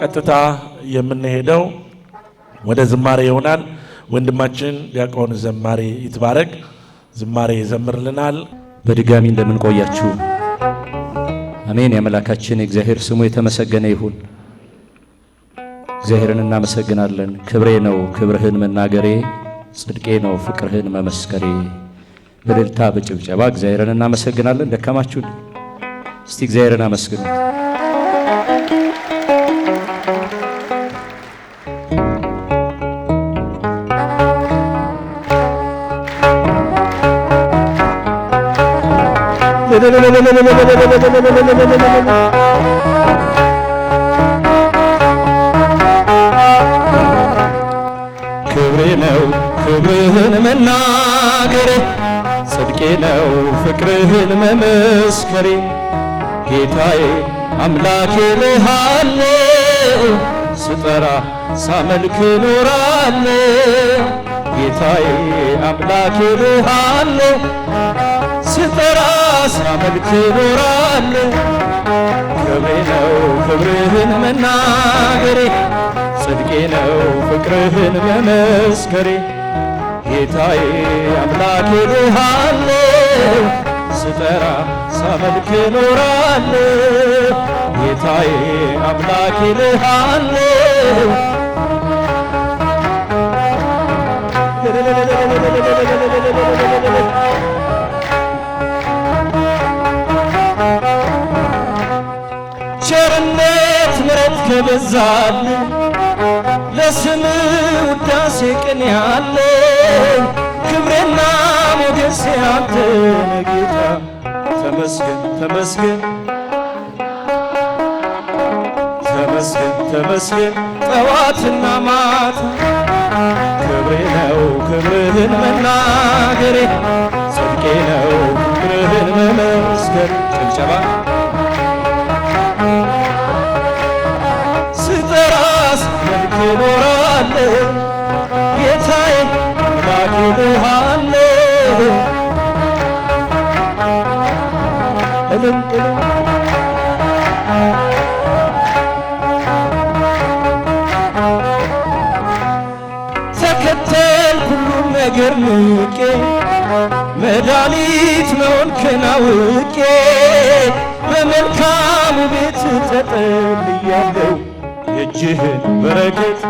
ቀጥታ የምንሄደው ወደ ዝማሬ ይሆናል። ወንድማችን ዲያቆን ዘማሬ ይትባረክ ዝማሬ ይዘምርልናል። በድጋሚ እንደምንቆያችሁ አሜን። የአምላካችን እግዚአብሔር ስሙ የተመሰገነ ይሁን። እግዚአብሔርን እናመሰግናለን። ክብሬ ነው ክብርህን መናገሬ፣ ጽድቄ ነው ፍቅርህን መመስከሬ በደልታ በጭብጨባ እግዚአብሔርን እናመሰግናለን። ደከማችሁ እስቲ እግዚአብሔርን አመስግኑ። ክብሬ ነው ክብርህን መናገር ጽድቄ ነው ፍቅርህን መመስከሬ ጌታዬ አምላኬ ልሃለው ስጠራ ሳመልክ ኖራለው ጌታዬ አምላኬ ልሃለው ስጠራ ሳመልክ ኖራለው ክብሬ ነው ክብርህን መናገሬ ጽድቄ ነው ፍቅርህን መመስከሬ ጌታዬ አምላኬ ልሃለው ስጠራ ሳመልክ ኖራለው ጌታዬ አምላኬ ልሃለው ቸርነት ምረት ከበዛል ለስም ውዳሴ ቅን ያለው ክብሬና ሞገሴ አንተ ነህ ጌታ፣ ተመስገን ተመስገን ተመስገን ተመስገን ጠዋትና ማታ ክብሬ ነው ክብርህን መናገሬ ጽድቄ ነው ክብርህን መመስገን ጭብጨባ ስጠራስ መልክ ይኖራል አውቄ በመልካሙ ቤት ተጠልያለው የእጅህን በረከት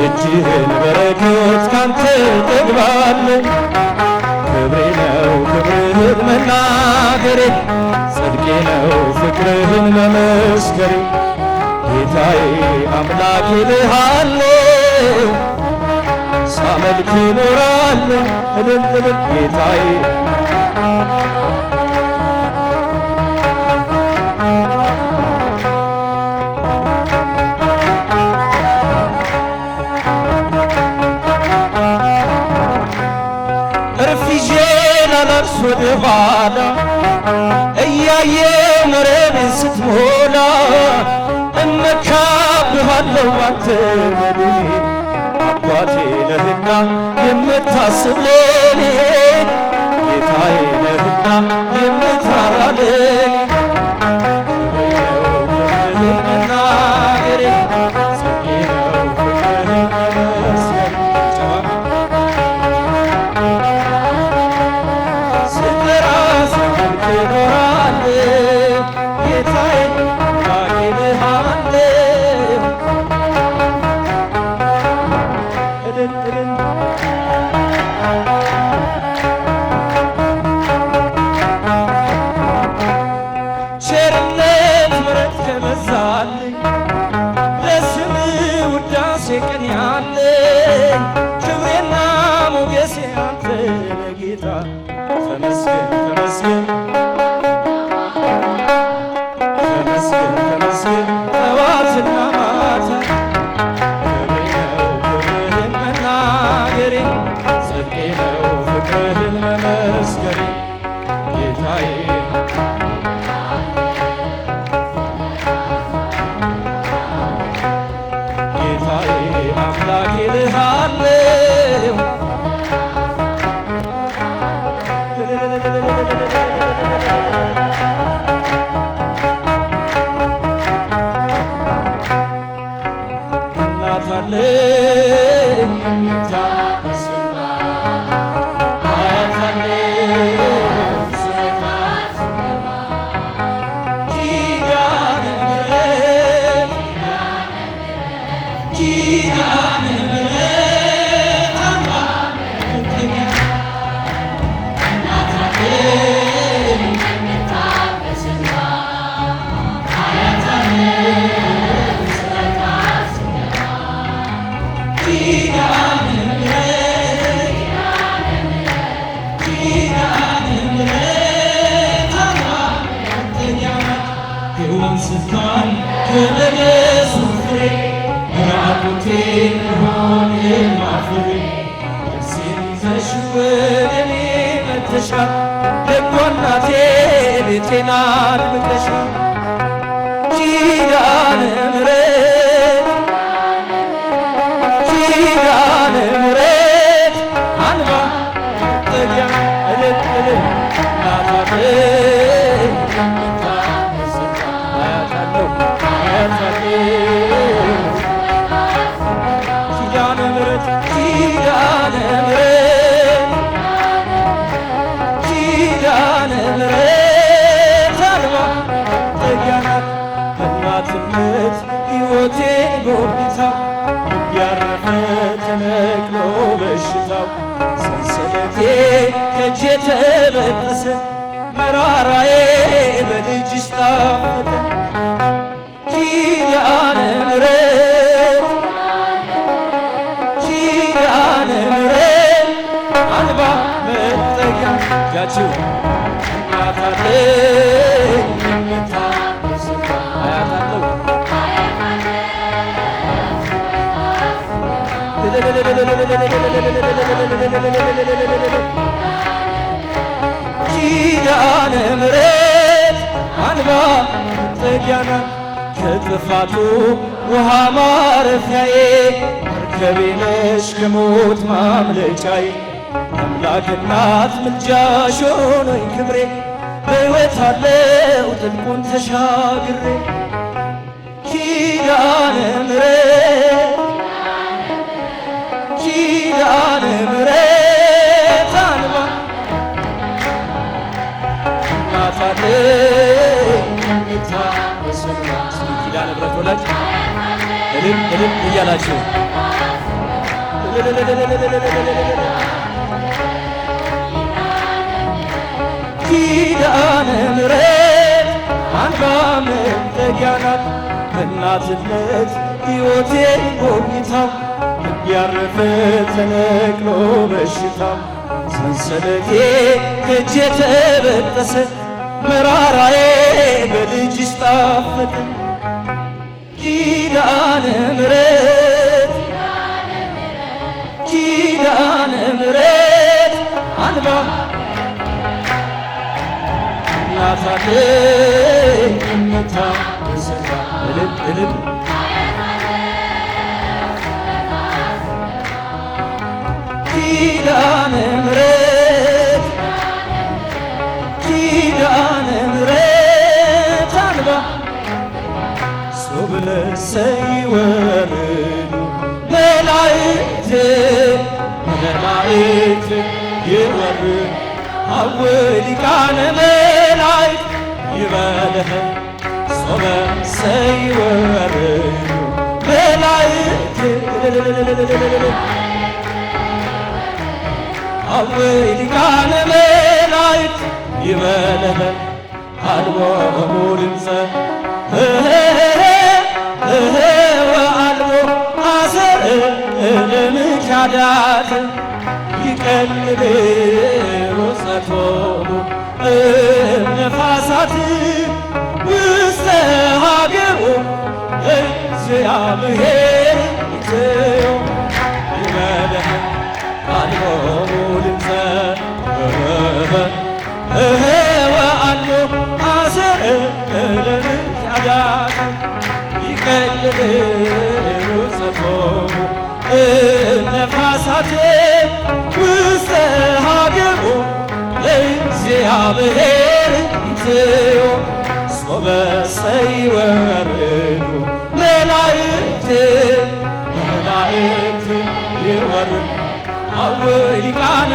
የእጅህን በረከት ካንተ ጠግባለ ክብሬ ነው ክብርህን መናገሬ ጽድቄ ነው ፍቅርህን መመስከሬ ጌታዬ አምላኬ ልሃለው ሳመልክ ይኖራል እልል ጌታዬ ወደ ኋላ እያየ መረብን ስትሞላ እመካብሃለሁ አንተ አባቴ ነህና የምታስብ ለኔ ጌታዬ ነህና ጽድቄ ነው ፍቅርህን መመስገን ጌታዬ ፊቴን አርብተሽ ኪዳነ تبسم مرارا بلجستان كيان مريم كيان مريم عن بام التقى جاتو Thank you. ኪዳነ ምሕረት አንባ መጠጊያና ከጥፋቱ ውሃ ማረፊያዬ መርከቤ ነሽ ከሞት ማምለጫዬ አምላክ እናት ምልጃሽ ሆኖኝ ክብሬ በሕይወት አለው ጥልቁን ተሻግሬ ኪዳነ ምሕረት ኪዳነ ምሕረት ኪዳነ ምሕረት ወላጅ እልል እልል እያላችሁ ኪዳነ ምሕረት አንዷ መጠጊያ ናት እናትነት ሕይወቴን ጎብኝታ እያረፈ ተነቅሎ በሽታ ሰንሰለቴ ከእጄ ተበጠሰ መራራዬ በልጅ ጣፈጠ ኪዳነ ምሕረት ኪዳነ ምሕረት አንባ ናታለኝታ ስታ እልል እልል ኪዳነ ምሕረት እሰይ ወር መላእክት መላእክት ይወር አወ ሊቃነ መላእክት ይበለህ ጾመ እሰይ ወር መላእክት አወ ሊቃነ መላእክት ይበለህ አልቦሙ ድምፀ ወአልቦ ማሰር ምሻዳት ይቀልብ ውፀቶ ነፋሳት ውስተ ሀገሩ እግዚአብሔር ይትዮ ይመለህ ድምፀ ሲቀልሉ ጽፎ እነፋሳት ውስተ ሀገሩ ለእግዚአብሔር ይትዮ ጾመ ሰይወርዱ መላእክት መላእክት ይወርዱ አብ ሊቃነ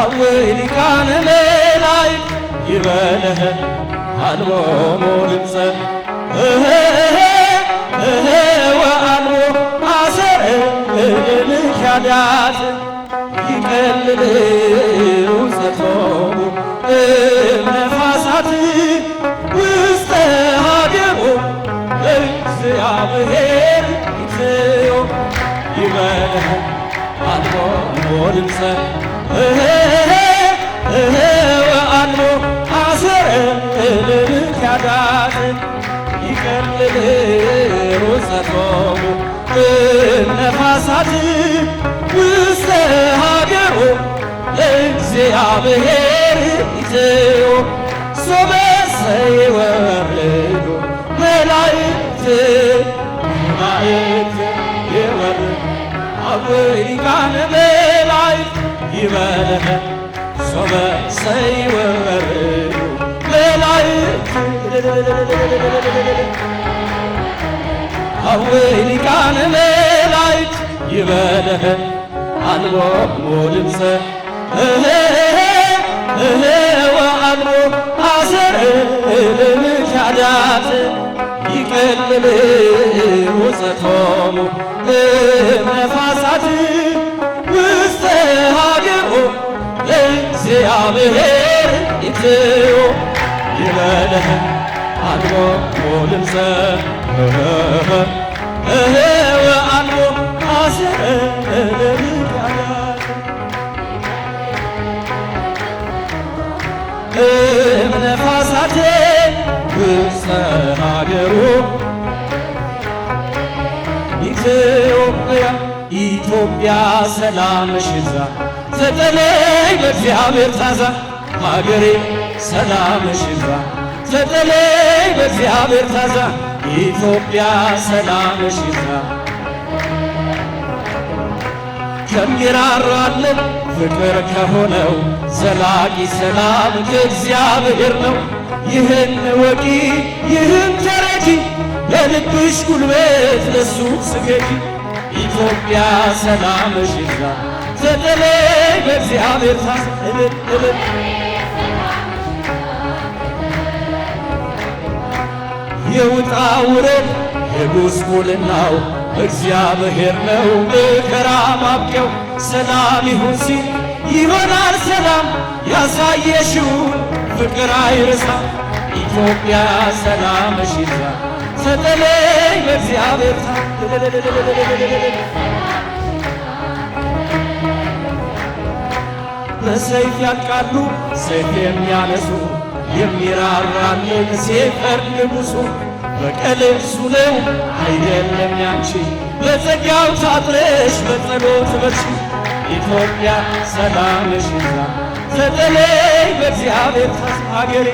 አወይ ሊቃነ መላእክት ይበለህ አልቦሙ ድምፀ ወአልቦ አሰረ እልልሻዳት ይቀልል ውፀቶሙ እምነፋሳት ውስተ ሀገሩ እግዚአብሔር ይትዮ ይበለ አልቦ ሞልምሰ አልቦ አሰረ ልልክ ያዳት ይቀልል ሩጸቶሙ ነፋሳት ውስተ ጻድቃን በላይ ይበለህ ሶበ ሰይወር በላይ ጻድቃን በላይ ይበለህ አልቦ ሞልምሰ እህ ወአልቦ አሰር ልምሻዳት ይቅልል ውስቶሙ እምነፋሳት ውስተ ሀገሩ ለእግዚአብሔር ይትዮ ይበለህ አድሞ ልምሰ ወአልቦ አስረ እምነፋሳት ውስተ ሀገሩ ኢትዮጵያ ኢትዮጵያ ሰላምሽ ይብዛ ዘጠለይ በእግዚአብሔር ታዛ ሀገሬ ሰላምሽ ይብዛ ዘጠለይ በእግዚአብሔር ታዛ ኢትዮጵያ ሰላምሽ ይብዛ ከሚራራለን ፍቅር ከሆነው ዘላቂ ሰላም ከእግዚአብሔር ነው። ይህን ወቂ ይህን ተረጂ ለልብሽ ጉልበት ለሱ ስገጂ ኢትዮጵያ ሰላም ሽዛ ዘጠለይ በእግዚአብሔር ታስ የውጣ ውረድ የጉስቁልናው እግዚአብሔር ነው መከራ ማብቂያው ሰላም ይሁን ሲል ይሆናል ሰላም ያሳየሽውን ፍቅር አይርሳ ኢትዮጵያ ሰላም ሽዛ ሰጠለይ በእግዚአብሔር በሰይፍ ያልቃሉ ሰይፍ የሚያነሱ የሚራራልን ሴፈር ንጉሱ በቀል እርሱ ነው አይደለም ያንቺ በጸጋው ታጥረሽ በጸሎት በርቺ ኢትዮጵያ ሰላም ነሽና ተጠለይ በእግዚአብሔር ሀገሬ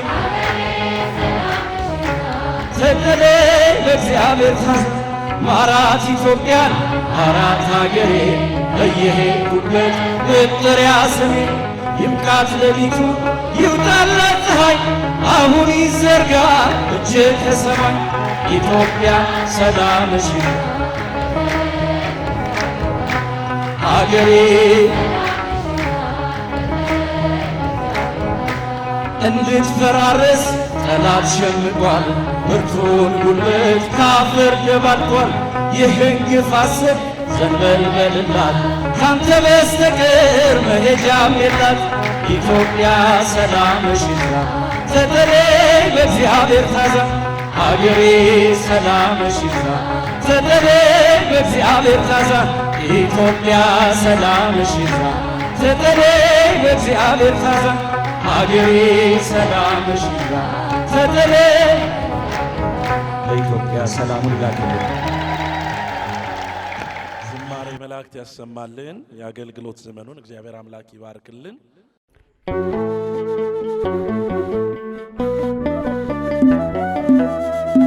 ተጠለይ በእግዚአብሔር ማራት ኢትዮጵያን ሀገሬ በየሄድኩበት መጠሪያ ስሜ ይምቃት ሌሊቱ ይውጣላት ፀሐይ አሁን ይዘርጋ እጅ ከሰማይ ኢትዮጵያ ሰላም ነሽና ሀገሬ እንድትፈራረስ ጠላት ሸምቋል፣ ብርቱን ጉልበት ካፈር ደባልቋል። ይህን ግፍ አስብ ዘንበል በልላት፣ ካንተ በስተቀር መሄጃም የላት። ኢትዮጵያ ሰላም ሽሻ ተጠለይ በእግዚአብሔር ታዛ ሀገሬ ሰላም ሽሻ ተጠለይ በእግዚአብሔር ጣሳ ኢትዮጵያ ሰላም ሽዛ ዘጠለይ በእግዚአብሔር ሰላም ሽዛ ዘጠለይ ለኢትዮጵያ ሰላሙን ይላክልን። ዝማሬ መላእክት ያሰማልን። የአገልግሎት ዘመኑን እግዚአብሔር አምላክ ይባርክልን።